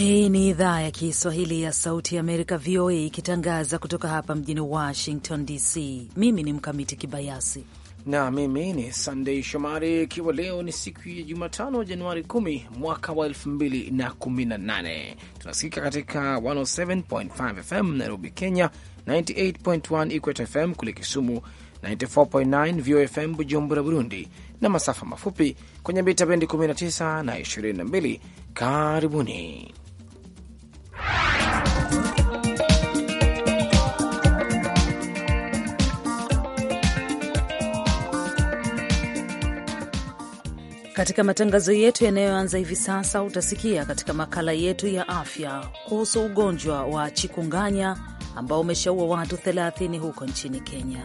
Hii ni idhaa ya Kiswahili ya Sauti ya Amerika, VOA, ikitangaza kutoka hapa mjini Washington DC. Mimi ni Mkamiti Kibayasi na mimi ni Sandei Shomari, ikiwa leo ni siku ya Jumatano, Januari 10 mwaka wa 2018. Tunasikika katika 107.5 FM Nairobi, Kenya, 98.1 Equator FM kule Kisumu, 94.9 VOFM Bujumbura, Burundi, na masafa mafupi kwenye mita bendi 19 na 22. Karibuni katika matangazo yetu yanayoanza hivi sasa utasikia katika makala yetu ya afya kuhusu ugonjwa wa chikunganya ambao umeshaua watu 30 huko nchini Kenya.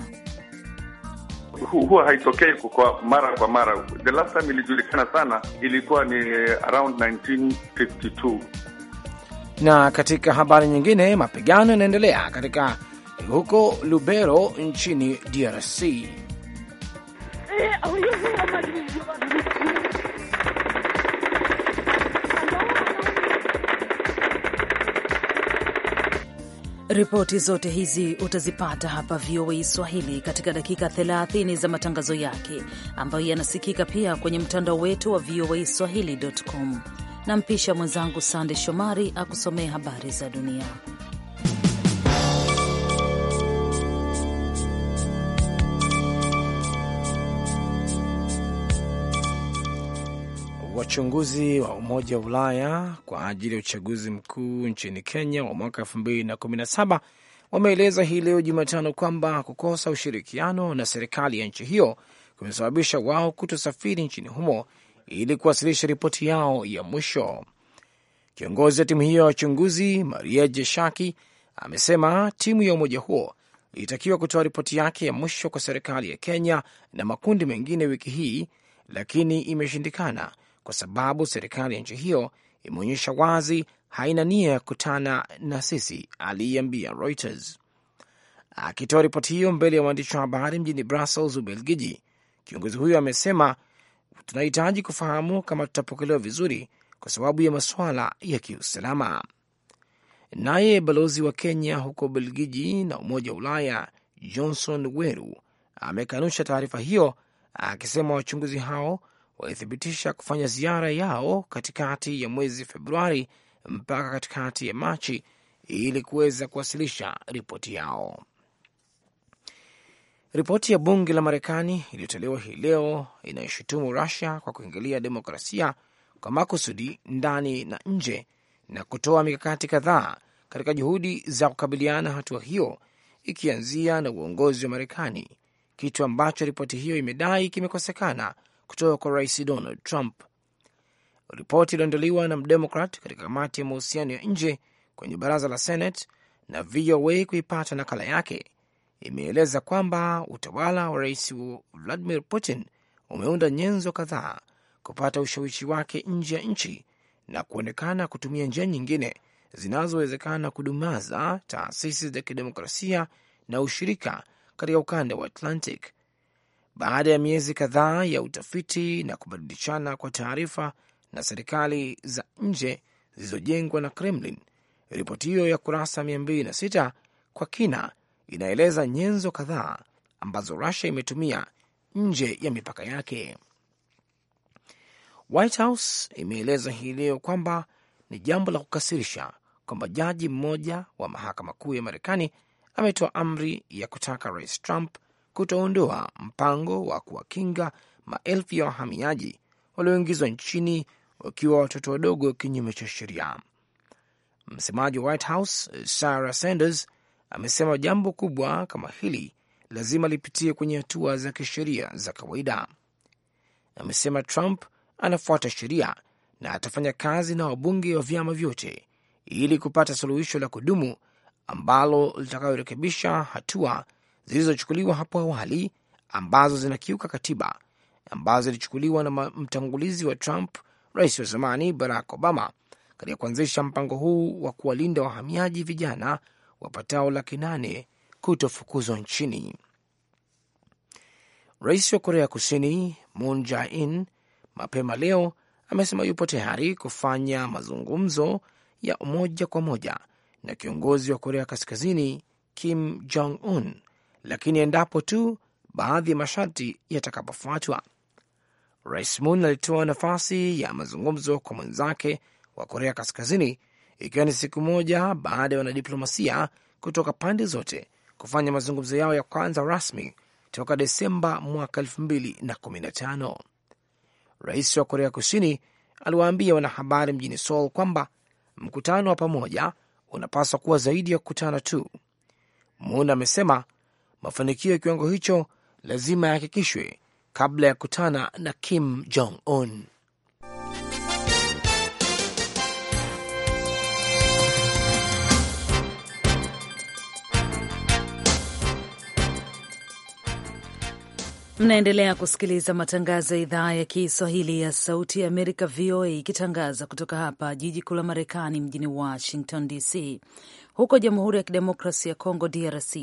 Huwa haitokei kwa mara kwa mara. The last time ilijulikana sana ilikuwa ni eh, around 1952. Na katika habari nyingine, mapigano yanaendelea katika huko Lubero nchini DRC. Ripoti zote hizi utazipata hapa VOA Swahili katika dakika 30 za matangazo yake ambayo yanasikika pia kwenye mtandao wetu wa voa swahili.com nampisha mwenzangu Sande Shomari akusomee habari za dunia. Wachunguzi wa Umoja wa Ulaya kwa ajili ya uchaguzi mkuu nchini Kenya wa mwaka saba wameeleza hii leo Jumatano kwamba kukosa ushirikiano na serikali ya nchi hiyo kumesababisha wao kutosafiri nchini humo ili kuwasilisha ripoti yao ya mwisho. Kiongozi wa timu hiyo ya wachunguzi Maria Jeshaki amesema timu ya umoja huo ilitakiwa kutoa ripoti yake ya mwisho kwa serikali ya Kenya na makundi mengine wiki hii, lakini imeshindikana kwa sababu serikali ya nchi hiyo imeonyesha wazi haina nia ya kukutana na sisi, aliiambia Reuters. Akitoa ripoti hiyo mbele ya waandishi wa habari mjini Brussels, Ubelgiji, kiongozi huyo amesema tunahitaji kufahamu kama tutapokelewa vizuri kwa sababu ya masuala ya kiusalama. Naye balozi wa Kenya huko Belgiji na Umoja wa Ulaya Johnson Weru amekanusha taarifa hiyo, akisema wachunguzi hao walithibitisha kufanya ziara yao katikati ya mwezi Februari mpaka katikati ya Machi ili kuweza kuwasilisha ripoti yao. Ripoti ya bunge la Marekani iliyotolewa hii leo inayoshutumu Rusia kwa kuingilia demokrasia kwa makusudi ndani na nje na kutoa mikakati kadhaa katika juhudi za kukabiliana hatua hiyo, ikianzia na uongozi wa Marekani, kitu ambacho ripoti hiyo imedai kimekosekana kutoka kwa Rais Donald Trump. Ripoti iliyoandaliwa na Mdemokrat katika kamati ya mahusiano ya nje kwenye baraza la Senate na VOA kuipata nakala yake imeeleza kwamba utawala wa rais Vladimir Putin umeunda nyenzo kadhaa kupata ushawishi wake nje ya nchi na kuonekana kutumia njia nyingine zinazowezekana kudumaza taasisi za kidemokrasia na ushirika katika ukanda wa Atlantic. Baada ya miezi kadhaa ya utafiti na kubadilishana kwa taarifa na serikali za nje zilizojengwa na Kremlin, ripoti hiyo ya kurasa 206 kwa kina inaeleza nyenzo kadhaa ambazo Rusia imetumia nje ya mipaka yake. White House imeeleza hii leo kwamba ni jambo la kukasirisha kwamba jaji mmoja wa mahakama kuu ya Marekani ametoa amri ya kutaka Rais Trump kutoondoa mpango wa kuwakinga maelfu ya wahamiaji walioingizwa nchini wakiwa watoto wadogo kinyume cha sheria. Msemaji wa White House Sarah Sanders amesema jambo kubwa kama hili lazima lipitie kwenye hatua za kisheria za kawaida. Amesema Trump anafuata sheria na atafanya kazi na wabunge wa vyama vyote ili kupata suluhisho la kudumu ambalo litakayorekebisha hatua zilizochukuliwa hapo awali ambazo zinakiuka katiba ambazo zilichukuliwa na mtangulizi wa Trump, rais wa zamani Barack Obama, katika kuanzisha mpango huu wa kuwalinda wahamiaji vijana wapatao laki nane kutofukuzwa nchini. Rais wa Korea Kusini Moon Jae-in mapema leo amesema yupo tayari kufanya mazungumzo ya moja kwa moja na kiongozi wa Korea Kaskazini Kim Jong Un, lakini endapo tu baadhi ya masharti yatakapofuatwa. Rais Moon alitoa nafasi ya mazungumzo kwa mwenzake wa Korea Kaskazini ikiwa ni siku moja baada ya wanadiplomasia kutoka pande zote kufanya mazungumzo yao ya kwanza rasmi toka Desemba mwaka 215 Rais wa Korea Kusini aliwaambia wanahabari mjini Seoul kwamba mkutano wa pamoja unapaswa kuwa zaidi ya kukutana tu. Moon amesema mafanikio ya kiwango hicho lazima yahakikishwe kabla ya kukutana na Kim Jong Un. Mnaendelea kusikiliza matangazo ya idhaa ya Kiswahili ya Sauti ya Amerika, VOA, ikitangaza kutoka hapa jiji kuu la Marekani, mjini Washington DC. Huko Jamhuri ya Kidemokrasi ya Kongo, DRC,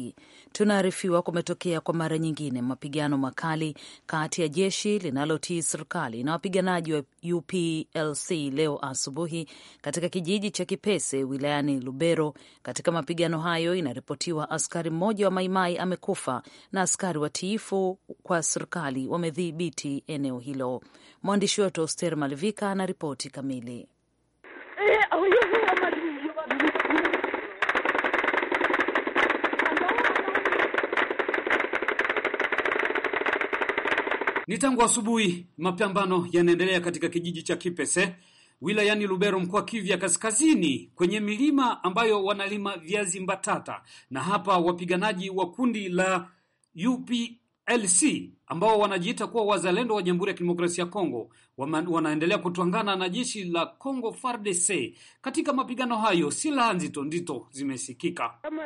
tunaarifiwa kumetokea kwa mara nyingine mapigano makali kati ya jeshi linalotii serikali na wapiganaji wa UPLC leo asubuhi katika kijiji cha Kipese wilayani Lubero. Katika mapigano hayo, inaripotiwa askari mmoja wa Maimai amekufa na askari watiifu kwa serikali wamedhibiti eneo hilo. Mwandishi wetu Oster Malivika anaripoti kamili. Ni tangu asubuhi mapambano yanaendelea katika kijiji cha Kipese wilayani Lubero mkoa Kivya Kaskazini kwenye milima ambayo wanalima viazi mbatata, na hapa wapiganaji wa kundi la UPLC ambao wanajiita kuwa wazalendo wa Jamhuri ya Kidemokrasia ya Kongo wanaendelea kutwangana na jeshi la Kongo FARDC. Katika mapigano hayo, silaha nzito ndito zimesikika kama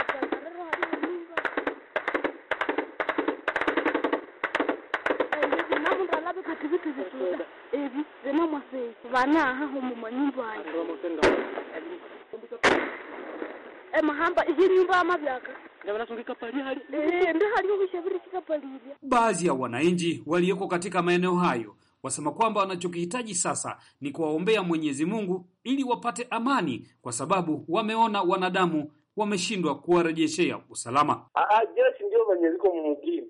emahamba eh, amavyaka eh, Baadhi ya wananchi walioko katika maeneo hayo wasema kwamba wanachokihitaji sasa ni kuwaombea Mwenyezi Mungu ili wapate amani, kwa sababu wameona wanadamu wameshindwa kuwarejeshea usalama. Ah, ah, jeshi ndio wenye liko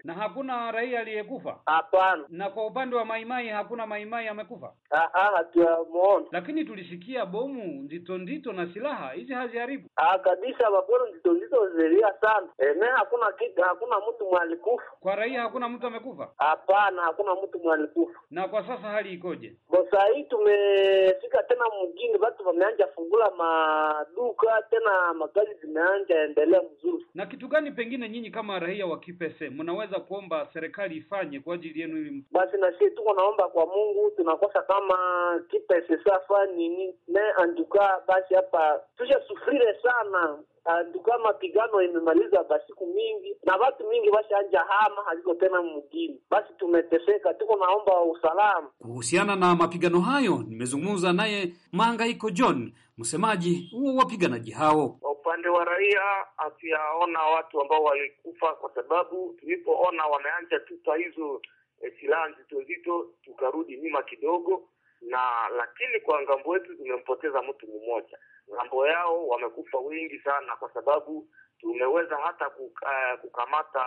na hakuna raia aliyekufa, hapana. Na kwa upande wa maimai hakuna maimai amekufa, ah, hatuyamuona. Lakini tulisikia bomu ndito ndito na silaha hizi haziharibu kabisa, mabomu ndito ndito zilia sana ene, eh, hakuna kitu, hakuna mtu mwalikufa. Kwa raia hakuna mtu amekufa, hapana, hakuna mtu mwalikufa. Na kwa sasa hali ikoje? Bosa hii tumefika tena mjini, watu wameanja fungula maduka tena, magari zime imeanja endelea mzuri. Na kitu gani pengine nyinyi kama raia wa Kipese mnaweza kuomba serikali ifanye kwa ajili yenu ili basi? Na sisi tuko naomba kwa Mungu, tunakosa kama Kipese safa nini me anduka, basi hapa tusha sufrire sana anduka, mapigano imemaliza basiku mingi na watu mingi washanja hama haziko tena mugini, basi tumeteseka, tuko naomba usalama. Kuhusiana na mapigano hayo nimezungumza naye Mangaiko John, msemaji wa wapiganaji hao upande wa raia hatuyaona watu ambao walikufa, kwa sababu tulipoona wameanza tupa hizo e, silaha nzito nzito, tukarudi nyuma kidogo, na lakini kwa ngambo yetu tumempoteza mtu mmoja. Ngambo yao wamekufa wengi sana, kwa sababu tumeweza hata kuka, kukamata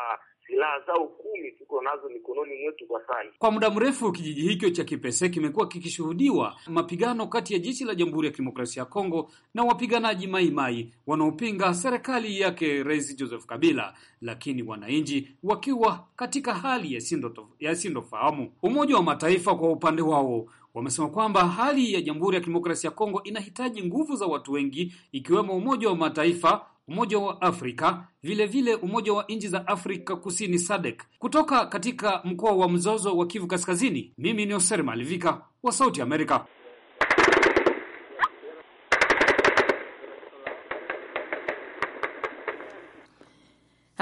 silaha zao kumi tuko nazo mikononi mwetu kwa sasa. Kwa muda mrefu kijiji hicho cha Kipese kimekuwa kikishuhudiwa mapigano kati ya jeshi la Jamhuri ya Kidemokrasia ya Kongo na wapiganaji maimai wanaopinga serikali yake Rais Joseph Kabila, lakini wananchi wakiwa katika hali ya sindoto, ya Umoja wa Mataifa kwa upande wao wamesema kwamba hali ya Jamhuri ya Kidemokrasia ya Kongo inahitaji nguvu za watu wengi ikiwemo Umoja wa Mataifa Umoja wa Afrika, vilevile vile Umoja wa Nchi za Afrika Kusini SADC. Kutoka katika mkoa wa mzozo wa Kivu Kaskazini, mimi ni Oser Malivika wa Sauti Amerika.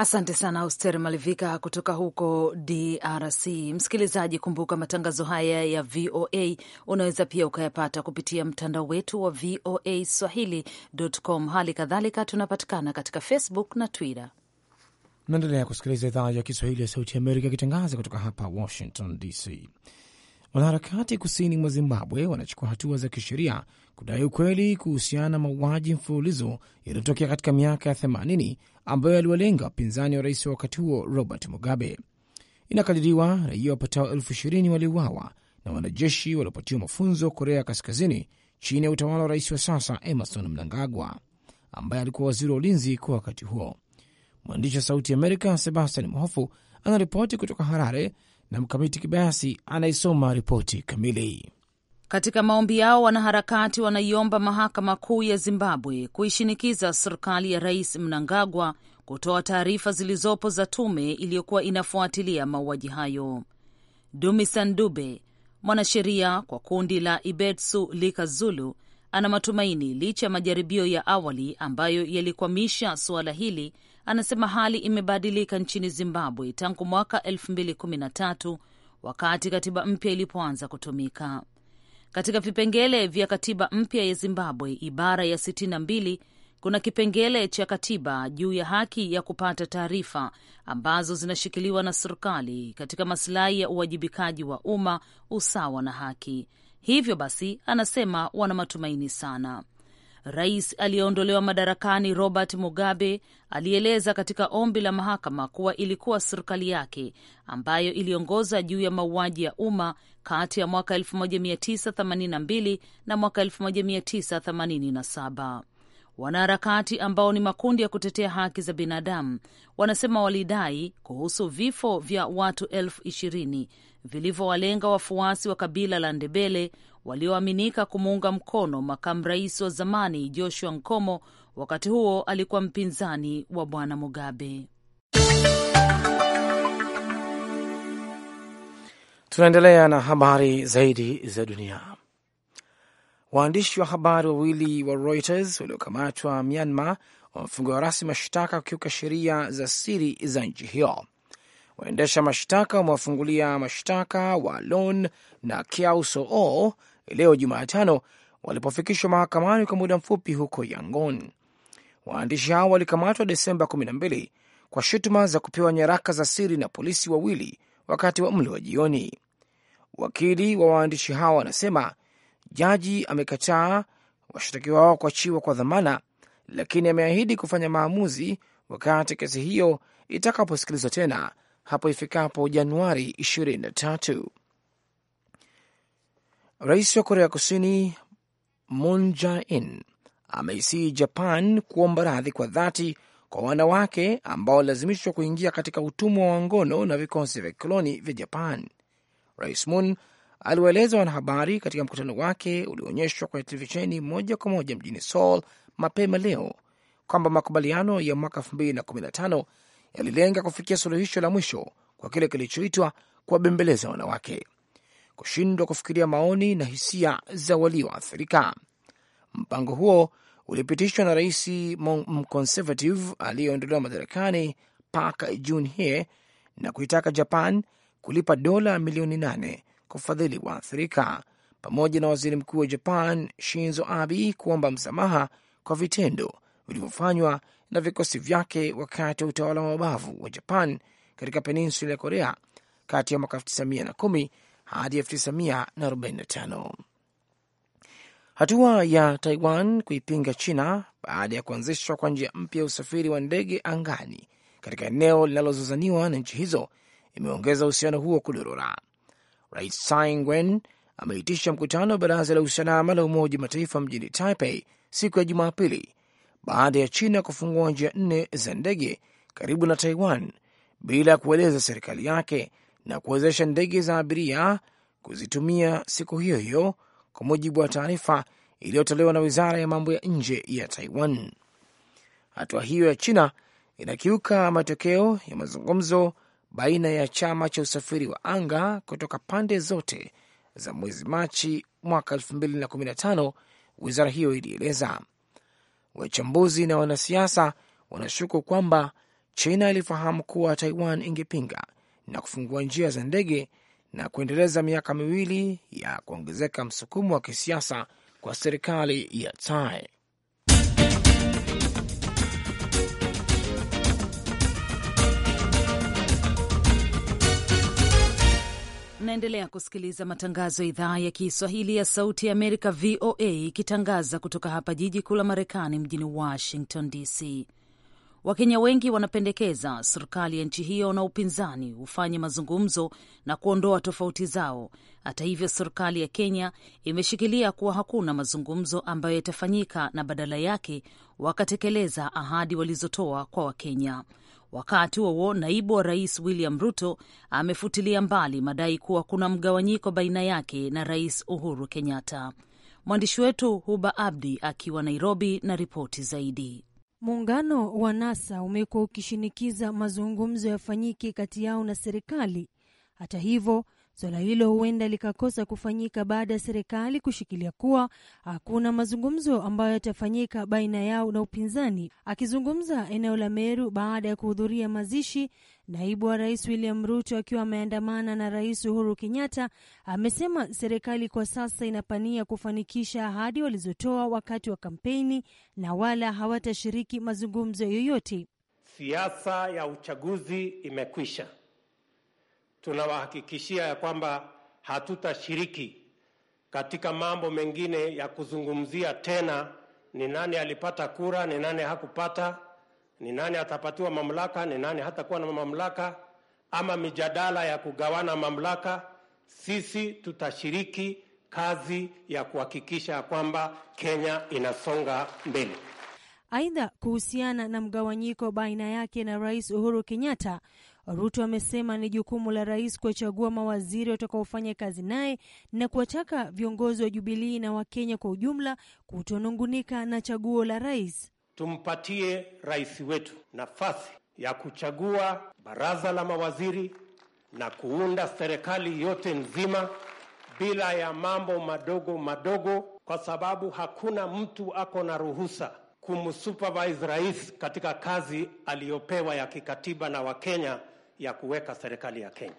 Asante sana Auster Malivika kutoka huko DRC. Msikilizaji, kumbuka matangazo haya ya VOA unaweza pia ukayapata kupitia mtandao wetu wa VOA Swahili.com. Hali kadhalika tunapatikana katika Facebook na Twitter. Naendelea kusikiliza idhaa ya Kiswahili ya Sauti ya Amerika ikitangaza kutoka hapa Washington DC. Wanaharakati kusini mwa Zimbabwe wanachukua hatua za kisheria kudai ukweli kuhusiana na mauaji mfululizo yaliyotokea katika miaka ya 80 ambayo yaliwalenga wapinzani wa rais wa wakati huo Robert Mugabe. Inakadiriwa raia wapatao elfu ishirini waliuawa na wanajeshi waliopatiwa mafunzo Korea Kaskazini chini ya utawala wa rais wa sasa Emerson Mnangagwa ambaye alikuwa waziri wa ulinzi kwa wakati huo. Mwandishi wa Sauti Amerika Sebastian Mhofu anaripoti kutoka Harare na Mkamiti Kibayasi anaisoma ripoti kamili. Katika maombi yao, wanaharakati wanaiomba mahakama kuu ya Zimbabwe kuishinikiza serikali ya Rais Mnangagwa kutoa taarifa zilizopo za tume iliyokuwa inafuatilia mauaji hayo. Dumisan Dube, mwanasheria kwa kundi la Ibetsu Likazulu, ana matumaini licha ya majaribio ya awali ambayo yalikwamisha suala hili anasema hali imebadilika nchini Zimbabwe tangu mwaka 2013 wakati katiba mpya ilipoanza kutumika. Katika vipengele vya katiba mpya ya Zimbabwe, ibara ya 62 kuna kipengele cha katiba juu ya haki ya kupata taarifa ambazo zinashikiliwa na serikali katika masilahi ya uwajibikaji wa umma, usawa na haki. Hivyo basi, anasema wana matumaini sana. Rais aliyeondolewa madarakani Robert Mugabe alieleza katika ombi la mahakama kuwa ilikuwa serikali yake ambayo iliongoza juu ya mauaji ya umma kati ya mwaka 1982 na mwaka 1987. Wanaharakati ambao ni makundi ya kutetea haki za binadamu wanasema walidai kuhusu vifo vya watu elfu ishirini vilivyowalenga wafuasi wa kabila la Ndebele walioaminika kumuunga mkono makamu rais wa zamani Joshua Nkomo, wakati huo alikuwa mpinzani wa bwana Mugabe. Tunaendelea na habari zaidi za dunia. Waandishi wa habari wawili wa Reuters waliokamatwa Myanmar wamefungua rasmi mashtaka kukiuka sheria za siri za nchi hiyo. Waendesha mashtaka wamewafungulia mashtaka wa Lon na Kiausoo leo Jumatano walipofikishwa mahakamani kwa muda mfupi huko Yangon. Waandishi hao walikamatwa Desemba 12 kwa shutuma za kupewa nyaraka za siri na polisi wawili wakati wa mlo wa jioni. Wakili wa waandishi hao anasema jaji amekataa washtakiwa wao kuachiwa kwa dhamana, lakini ameahidi kufanya maamuzi wakati kesi hiyo itakaposikilizwa tena hapo ifikapo Januari 23. Rais wa Korea Kusini Moon Jae-in Japan kuomba radhi kwa dhati kwa wanawake ambao walilazimishwa kuingia katika utumwa wa ngono na vikosi vya kikoloni vya Japan. Rais Moon aliwaeleza wanahabari katika mkutano wake ulioonyeshwa kwenye televisheni moja kwa moja mjini Seoul mapema leo kwamba makubaliano ya mwaka 2015 yalilenga kufikia suluhisho la mwisho kwa kile kilichoitwa kuwabembeleza wanawake kushindwa kufikiria maoni na hisia za walioathirika. Mpango huo ulipitishwa na rais mconservative aliyeondolewa madarakani Park Geun-hye na kuitaka Japan kulipa dola milioni nane kufadhili waathirika pamoja na waziri mkuu wa Japan Shinzo Abe kuomba msamaha kwa vitendo vilivyofanywa na vikosi vyake wakati wa utawala wa mabavu wa Japan katika peninsula ya Korea kati ya mwaka 1910 hadi 1945. Hatua ya Taiwan kuipinga China baada ya kuanzishwa kwa njia mpya ya usafiri wa ndege angani katika eneo linalozozaniwa na nchi hizo imeongeza uhusiano huo kudorora. Rais Tsai Ing-wen ameitisha mkutano wa baraza la usalama la Umoja Mataifa mjini Taipei siku ya Jumapili baada ya China kufungua njia nne za ndege karibu na Taiwan bila kueleza serikali yake na kuwezesha ndege za abiria kuzitumia siku hiyo hiyo, kwa mujibu wa taarifa iliyotolewa na wizara ya mambo ya nje ya Taiwan. Hatua hiyo ya China inakiuka matokeo ya mazungumzo baina ya chama cha usafiri wa anga kutoka pande zote za mwezi Machi mwaka 2015, wizara hiyo ilieleza. Wachambuzi na wanasiasa wanashuku kwamba China ilifahamu kuwa Taiwan ingepinga na kufungua njia za ndege na kuendeleza miaka miwili ya kuongezeka msukumo wa kisiasa kwa serikali ya Tsai. Naendelea kusikiliza matangazo ya idhaa ya Kiswahili ya Sauti ya Amerika, VOA, ikitangaza kutoka hapa jiji kuu la Marekani, mjini Washington DC. Wakenya wengi wanapendekeza serikali ya nchi hiyo na upinzani hufanye mazungumzo na kuondoa tofauti zao. Hata hivyo, serikali ya Kenya imeshikilia kuwa hakuna mazungumzo ambayo yatafanyika na badala yake wakatekeleza ahadi walizotoa kwa Wakenya. Wakati huo naibu wa rais William Ruto amefutilia mbali madai kuwa kuna mgawanyiko baina yake na Rais Uhuru Kenyatta. Mwandishi wetu Huba Abdi akiwa Nairobi na ripoti zaidi. Muungano wa NASA umekuwa ukishinikiza mazungumzo yafanyike kati yao na serikali. Hata hivyo, Suala hilo huenda likakosa kufanyika baada ya serikali kushikilia kuwa hakuna mazungumzo ambayo yatafanyika baina yao na upinzani. Akizungumza eneo la Meru baada ya kuhudhuria mazishi, naibu wa rais William Ruto akiwa ameandamana na rais Uhuru Kenyatta amesema serikali kwa sasa inapania kufanikisha ahadi walizotoa wakati wa kampeni na wala hawatashiriki mazungumzo yoyote. Siasa ya uchaguzi imekwisha tunawahakikishia ya kwamba hatutashiriki katika mambo mengine ya kuzungumzia tena ni nani alipata kura, ni nani hakupata, ni nani atapatiwa mamlaka, ni nani hatakuwa na mamlaka, ama mijadala ya kugawana mamlaka. Sisi tutashiriki kazi ya kuhakikisha kwamba Kenya inasonga mbele. Aidha, kuhusiana na mgawanyiko baina yake na Rais Uhuru Kenyatta, Ruto amesema ni jukumu la rais kuwachagua mawaziri watakaofanya kazi naye na kuwataka viongozi wa Jubilii na Wakenya kwa ujumla kutonungunika na chaguo la rais. Tumpatie rais wetu nafasi ya kuchagua baraza la mawaziri na kuunda serikali yote nzima bila ya mambo madogo madogo, kwa sababu hakuna mtu ako na ruhusa kumsupervise rais katika kazi aliyopewa ya kikatiba na Wakenya ya kuweka serikali ya Kenya.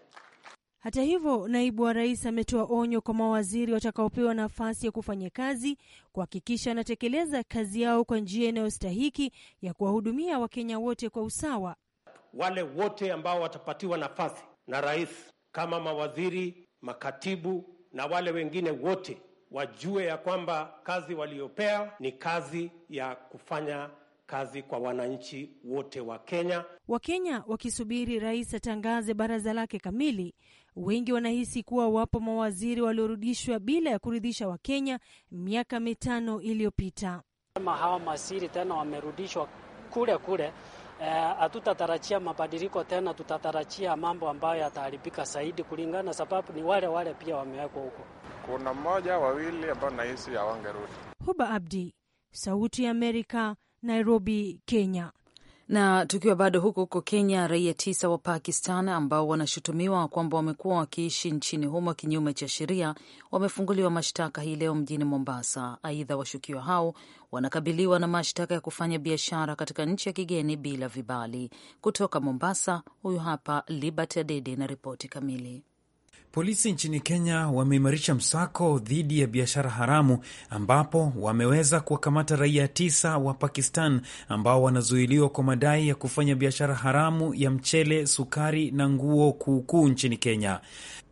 Hata hivyo, naibu wa rais ametoa onyo kwa mawaziri watakaopewa nafasi ya kufanya kazi kuhakikisha wanatekeleza kazi yao kwa njia inayostahiki ya kuwahudumia Wakenya wote kwa usawa. Wale wote ambao watapatiwa nafasi na rais kama mawaziri, makatibu na wale wengine wote wajue ya kwamba kazi waliopewa ni kazi ya kufanya kazi kwa wananchi wote wa Kenya. Wakenya wakisubiri rais atangaze baraza lake kamili, wengi wanahisi kuwa wapo mawaziri waliorudishwa bila ya kuridhisha Wakenya miaka mitano iliyopita. Kama hawa masiri tena wamerudishwa kule kule, eh, hatutatarajia eh, mabadiliko tena, tutatarajia mambo ambayo yataharibika zaidi kulingana, sababu ni wale wale pia wamewekwa huko. Kuna mmoja wawili ambao nahisi hawangerudi. Huba Abdi, Sauti ya Amerika, Nairobi, Kenya. Na tukiwa bado huko huko Kenya, raia tisa wa Pakistan ambao wanashutumiwa kwamba wamekuwa wakiishi nchini humo kinyume cha sheria wamefunguliwa mashtaka hii leo mjini Mombasa. Aidha, washukiwa hao wanakabiliwa na mashtaka ya kufanya biashara katika nchi ya kigeni bila vibali. Kutoka Mombasa, huyu hapa Libert Adede na ripoti kamili. Polisi nchini Kenya wameimarisha msako dhidi ya biashara haramu ambapo wameweza kuwakamata raia tisa wa Pakistan ambao wanazuiliwa kwa madai ya kufanya biashara haramu ya mchele, sukari na nguo kuukuu nchini Kenya.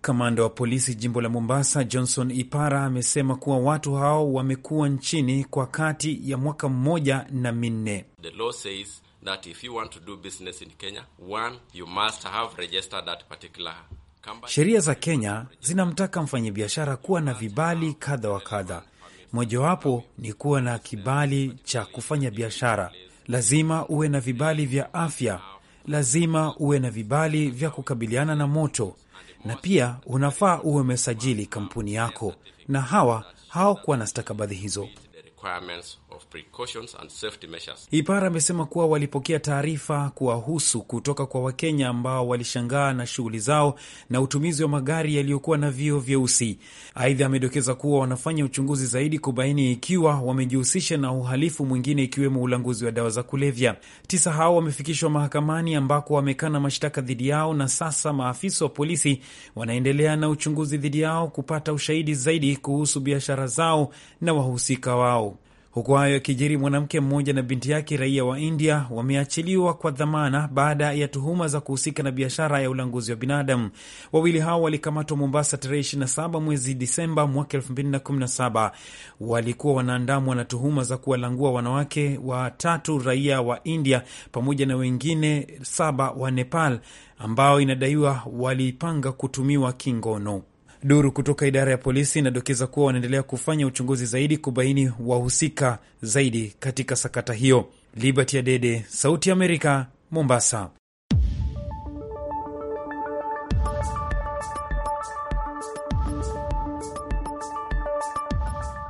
Kamanda wa polisi jimbo la Mombasa, Johnson Ipara, amesema kuwa watu hao wamekuwa nchini kwa kati ya mwaka mmoja na minne. The law says that if you want to do business in Kenya, one, you must have registered that particular Sheria za Kenya zinamtaka mfanyabiashara kuwa na vibali kadha wa kadha. Mojawapo ni kuwa na kibali cha kufanya biashara. Lazima uwe na vibali vya afya, lazima uwe na vibali vya kukabiliana na moto, na pia unafaa uwe umesajili kampuni yako, na hawa hawakuwa na stakabadhi hizo of precautions and safety measures. Ipara amesema kuwa walipokea taarifa kuwahusu kutoka kwa Wakenya ambao walishangaa na shughuli zao na utumizi wa magari yaliyokuwa na vioo vyeusi. Aidha, amedokeza kuwa wanafanya uchunguzi zaidi kubaini ikiwa wamejihusisha na uhalifu mwingine ikiwemo ulanguzi wa dawa za kulevya. Tisa hao wamefikishwa mahakamani ambako wamekana mashtaka dhidi yao, na sasa maafisa wa polisi wanaendelea na uchunguzi dhidi yao kupata ushahidi zaidi kuhusu biashara zao na wahusika wao. Huku hayo yakijiri, mwanamke mmoja na binti yake raia wa India wameachiliwa kwa dhamana baada ya tuhuma za kuhusika na biashara ya ulanguzi wa binadamu. Wawili hao walikamatwa Mombasa tarehe 27 mwezi Disemba mwaka 2017. Walikuwa wanaandamwa na tuhuma za kuwalangua wanawake watatu raia wa India pamoja na wengine saba wa Nepal ambao inadaiwa walipanga kutumiwa kingono. Duru kutoka idara ya polisi inadokeza kuwa wanaendelea kufanya uchunguzi zaidi kubaini wahusika zaidi katika sakata hiyo. Liberty Adede, Sauti ya Amerika, Mombasa.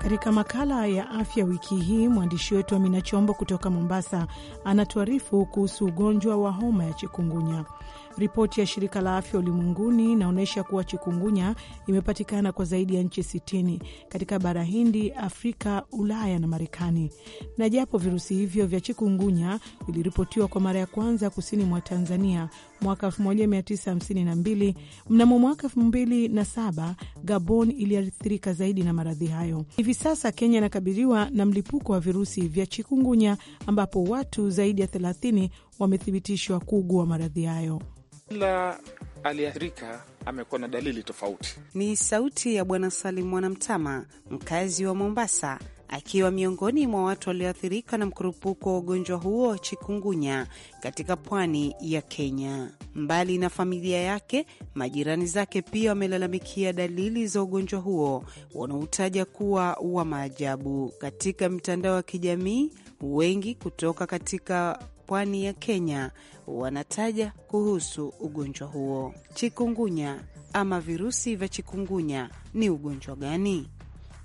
Katika makala ya afya wiki hii, mwandishi wetu Amina Chombo kutoka Mombasa anatuarifu kuhusu ugonjwa wa homa ya chikungunya. Ripoti ya shirika la afya ulimwenguni inaonyesha kuwa chikungunya imepatikana kwa zaidi ya nchi 60 katika bara Hindi, Afrika, Ulaya na Marekani. Na japo virusi hivyo vya chikungunya viliripotiwa kwa mara ya kwanza kusini mwa Tanzania mwaka 1952, mnamo mwaka 2007 Gabon iliathirika zaidi na maradhi hayo. Hivi sasa Kenya inakabiliwa na mlipuko wa virusi vya chikungunya ambapo watu zaidi ya 30 wamethibitishwa kuugua maradhi hayo. Kila aliathirika amekuwa na dalili tofauti. Ni sauti ya Bwana Salim Mwanamtama, mkazi wa Mombasa, akiwa miongoni mwa watu walioathirika na mkurupuko wa ugonjwa huo chikungunya katika pwani ya Kenya. Mbali na familia yake, majirani zake pia wamelalamikia dalili za ugonjwa huo wanaotaja kuwa wa maajabu. Katika mtandao wa kijamii, wengi kutoka katika pwani ya Kenya wanataja kuhusu ugonjwa huo. Chikungunya ama virusi vya chikungunya ni ugonjwa gani?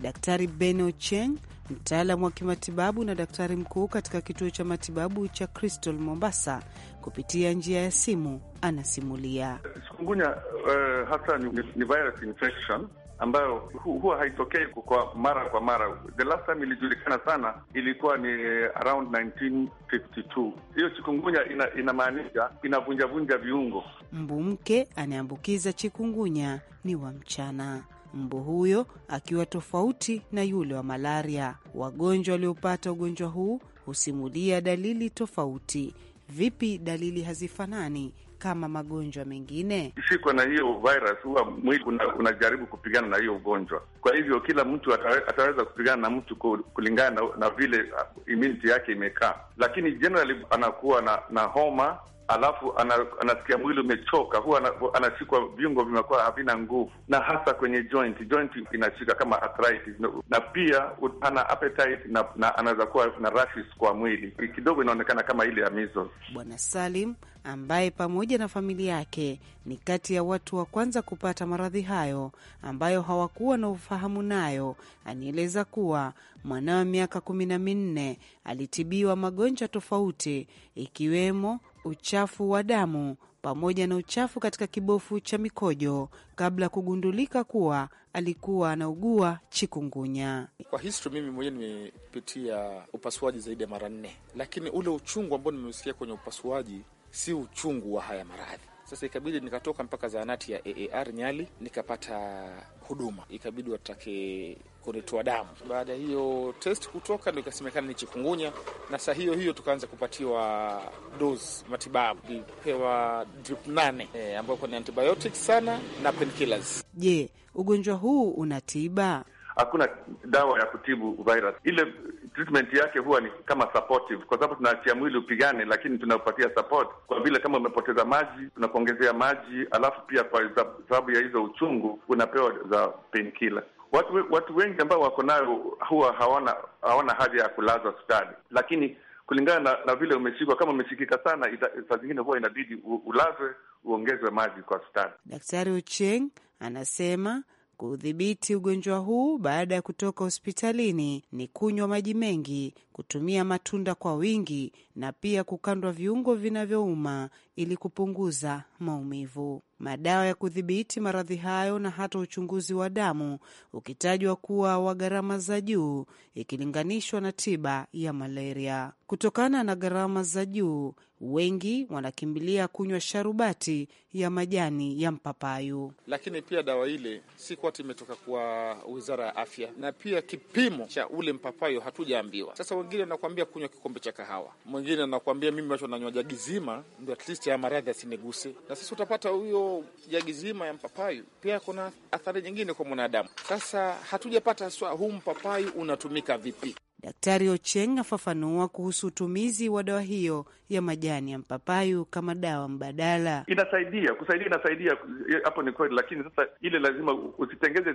Daktari Beno Cheng, mtaalamu wa kimatibabu na daktari mkuu katika kituo cha matibabu cha Crystal Mombasa, kupitia njia ya simu anasimulia. Chikungunya uh, hasa ni, ni virus infection ambayo hu, huwa haitokei kwa mara kwa mara. The last time ilijulikana sana ilikuwa ni around 1952. Hiyo chikungunya inamaanisha inavunjavunja viungo. Mbu mke anayeambukiza chikungunya ni wa mchana, mbu huyo akiwa tofauti na yule wa malaria. Wagonjwa waliopata ugonjwa huu husimulia dalili tofauti Vipi dalili hazifanani kama magonjwa mengine? Ukishikwa na hiyo virus, huwa mwili unajaribu una kupigana na hiyo ugonjwa. Kwa hivyo kila mtu atawe, ataweza kupigana na mtu kulingana na, na vile uh, immunity yake imekaa, lakini generally anakuwa na, na homa alafu anasikia mwili umechoka, huwa anashikwa, viungo vimekuwa havina nguvu, na hasa kwenye joint, joint inashika kama arthritis, na pia ana appetite na, na anaweza kuwa na rashes kwa mwili kidogo, inaonekana kama ile ya measles. Bwana Salim ambaye pamoja na familia yake ni kati ya watu wa kwanza kupata maradhi hayo ambayo hawakuwa na ufahamu nayo, anieleza kuwa mwanawe wa miaka kumi na minne alitibiwa magonjwa tofauti ikiwemo uchafu wa damu pamoja na uchafu katika kibofu cha mikojo kabla ya kugundulika kuwa alikuwa anaugua chikungunya. Kwa history, mimi mwenyewe nimepitia upasuaji zaidi ya mara nne, lakini ule uchungu ambao nimeusikia kwenye upasuaji si uchungu wa haya maradhi. Sasa ikabidi nikatoka mpaka zahanati ya AAR Nyali nikapata huduma, ikabidi watake kunitoa damu. Baada ya hiyo test kutoka, ndo ikasemekana ni chikungunya, na saa hiyo hiyo tukaanza kupatiwa dose matibabu, ipewa drip nane e, ambayo ni antibiotics sana na painkillers. Je, ugonjwa huu una tiba? Hakuna dawa ya kutibu virus ile treatment yake huwa ni kama supportive, kwa sababu tunaachia mwili upigane, lakini tunapatia support. Kwa vile kama umepoteza maji, tunakuongezea maji, alafu pia kwa sababu ya hizo uchungu unapewa za painkiller. Watu, watu wengi ambao wako nayo huwa hawana hawana haja ya kulazwa hospitali, lakini kulingana na, na vile umeshikwa, kama umeshikika sana, saa zingine huwa inabidi ulazwe uongezwe maji kwa hospitali. Daktari Ucheng anasema Kudhibiti ugonjwa huu baada ya kutoka hospitalini ni kunywa maji mengi, kutumia matunda kwa wingi na pia kukandwa viungo vinavyouma ili kupunguza maumivu. Madawa ya kudhibiti maradhi hayo na hata uchunguzi wa damu ukitajwa kuwa wa gharama za juu ikilinganishwa na tiba ya malaria. Kutokana na gharama za juu, wengi wanakimbilia kunywa sharubati ya majani ya mpapayu. Lakini pia dawa ile si kwati imetoka kwa wizara ya afya, na pia kipimo cha ule mpapayu hatujaambiwa. Sasa wengine wanakuambia kunywa kikombe cha kahawa, mwingine anakuambia mimi wacho nanywa jagi zima ndio at least ya maradhi asiniguse. Na sasa utapata huyo jagi zima ya mpapayu pia kuna athari nyingine kwa mwanadamu. Sasa hatujapata swa huu mpapayu unatumika vipi. Daktari Ocheng afafanua kuhusu utumizi wa dawa hiyo ya majani ya mpapayu kama dawa mbadala. Inasaidia kusaidia, inasaidia hapo ni kweli, lakini sasa ile lazima usitengeze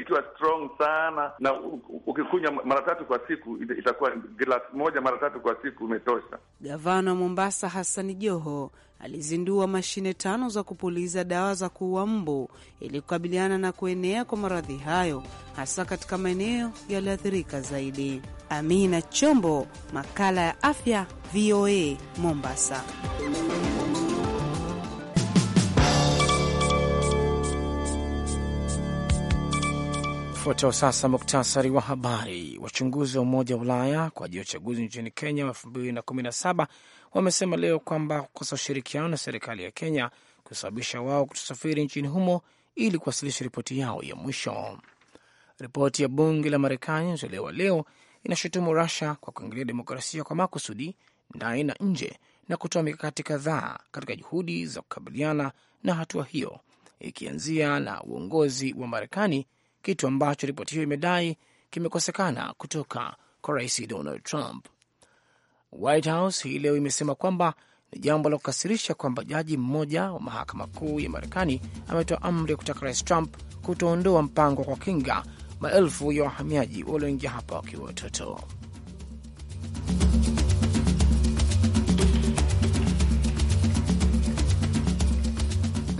ikiwa strong sana, na ukikunywa mara tatu kwa siku itakuwa glasi moja mara tatu kwa siku umetosha. Gavana wa Mombasa Hassan Joho alizindua mashine tano za kupuliza dawa za kuua mbu ili kukabiliana na kuenea kwa maradhi hayo hasa katika maeneo yaliyoathirika zaidi. Amina Chombo, makala ya afya, VOA Mombasa. Fuatao sasa muktasari wa habari. Wachunguzi wa Umoja wa Ulaya kwa ajili ya uchaguzi nchini Kenya wa 217 wamesema leo kwamba kukosa ushirikiano na serikali ya Kenya kusababisha wao kutosafiri nchini humo ili kuwasilisha ripoti yao ya mwisho. Ripoti ya bunge la Marekani iliyotolewa leo inashutumu Rusia kwa kuingilia demokrasia kwa makusudi ndani na nje na kutoa mikakati kadhaa katika juhudi za kukabiliana na hatua hiyo, ikianzia na uongozi wa Marekani, kitu ambacho ripoti hiyo imedai kimekosekana kutoka kwa Rais Donald Trump. White House hii leo imesema kwamba ni jambo la kukasirisha kwamba jaji mmoja wa mahakama kuu ya Marekani ametoa amri ya kutaka Rais Trump kutoondoa mpango wa kinga maelfu ya wahamiaji walioingia hapa wakiwa watoto.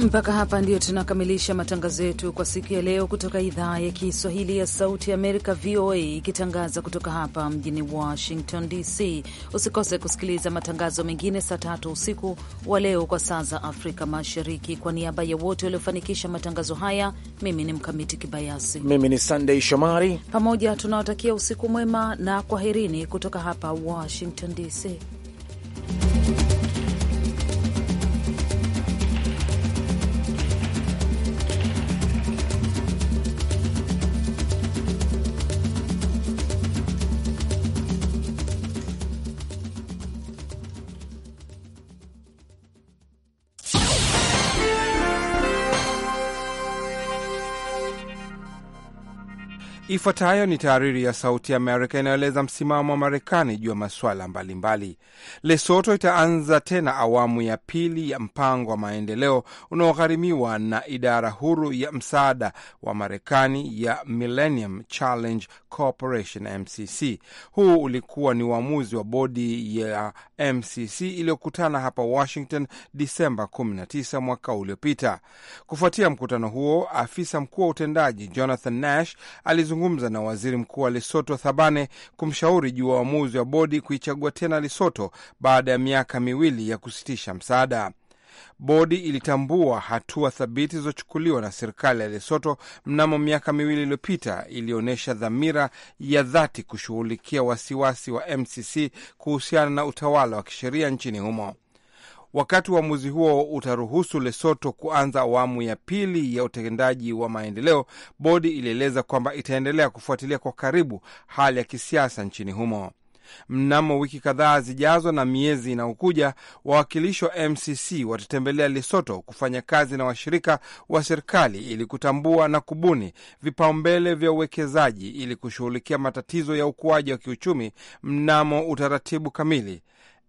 Mpaka hapa ndio tunakamilisha matangazo yetu kwa siku ya leo kutoka idhaa ya Kiswahili ya Sauti Amerika, VOA, ikitangaza kutoka hapa mjini Washington DC. Usikose kusikiliza matangazo mengine saa tatu usiku wa leo kwa saa za Afrika Mashariki. Kwa niaba ya wote waliofanikisha matangazo haya, mimi ni Mkamiti Kibayasi, mimi ni Sandei Shomari. Pamoja tunawatakia usiku mwema na kwaherini kutoka hapa Washington DC. Ifuatayo ni taariri ya Sauti ya Amerika inayoeleza msimamo wa Marekani juu ya masuala mbalimbali. Lesoto itaanza tena awamu ya pili ya mpango wa maendeleo unaogharimiwa na idara huru ya msaada wa Marekani ya Millennium Challenge Corporation, MCC. Huu ulikuwa ni uamuzi wa bodi ya MCC iliyokutana hapa Washington Disemba 19 mwaka uliopita. Kufuatia mkutano huo, afisa mkuu wa utendaji Jonathan Nash alizungumza amezungumza na waziri mkuu wa Lesoto Thabane kumshauri juu ya uamuzi wa bodi kuichagua tena Lesoto baada ya miaka miwili ya kusitisha msaada. Bodi ilitambua hatua thabiti zilizochukuliwa na serikali ya Lesoto mnamo miaka miwili iliyopita, ilionyesha dhamira ya dhati kushughulikia wasiwasi wa MCC kuhusiana na utawala wa kisheria nchini humo. Wakati uamuzi huo utaruhusu Lesoto kuanza awamu ya pili ya utendaji wa maendeleo, bodi ilieleza kwamba itaendelea kufuatilia kwa karibu hali ya kisiasa nchini humo. Mnamo wiki kadhaa zijazo na miezi inayokuja, wawakilishi wa MCC watatembelea Lesoto kufanya kazi na washirika wa serikali ili kutambua na kubuni vipaumbele vya uwekezaji ili kushughulikia matatizo ya ukuaji wa kiuchumi mnamo utaratibu kamili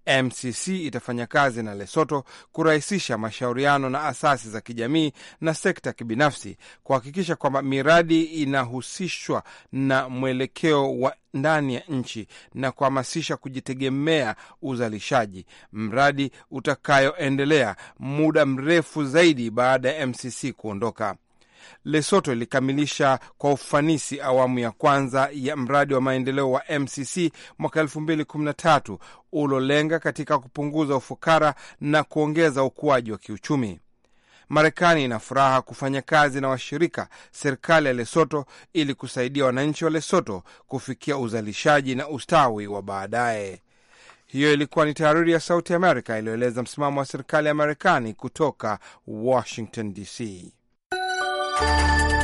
MCC itafanya kazi na Lesoto kurahisisha mashauriano na asasi za kijamii na sekta ya kibinafsi kuhakikisha kwamba miradi inahusishwa na mwelekeo wa ndani ya nchi na kuhamasisha kujitegemea uzalishaji, mradi utakayoendelea muda mrefu zaidi baada ya MCC kuondoka. Lesoto ilikamilisha kwa ufanisi awamu ya kwanza ya mradi wa maendeleo wa MCC mwaka tatu ulolenga katika kupunguza ufukara na kuongeza ukuaji wa kiuchumi. Marekani ina furaha kufanya kazi na washirika serikali ya Lesoto ili kusaidia wananchi wa Lesoto kufikia uzalishaji na ustawi wa baadaye. Hiyo ilikuwa ni tahariri ya Sauti Amerika iliyoeleza msimamo wa serikali ya Marekani. Kutoka Washington DC. Música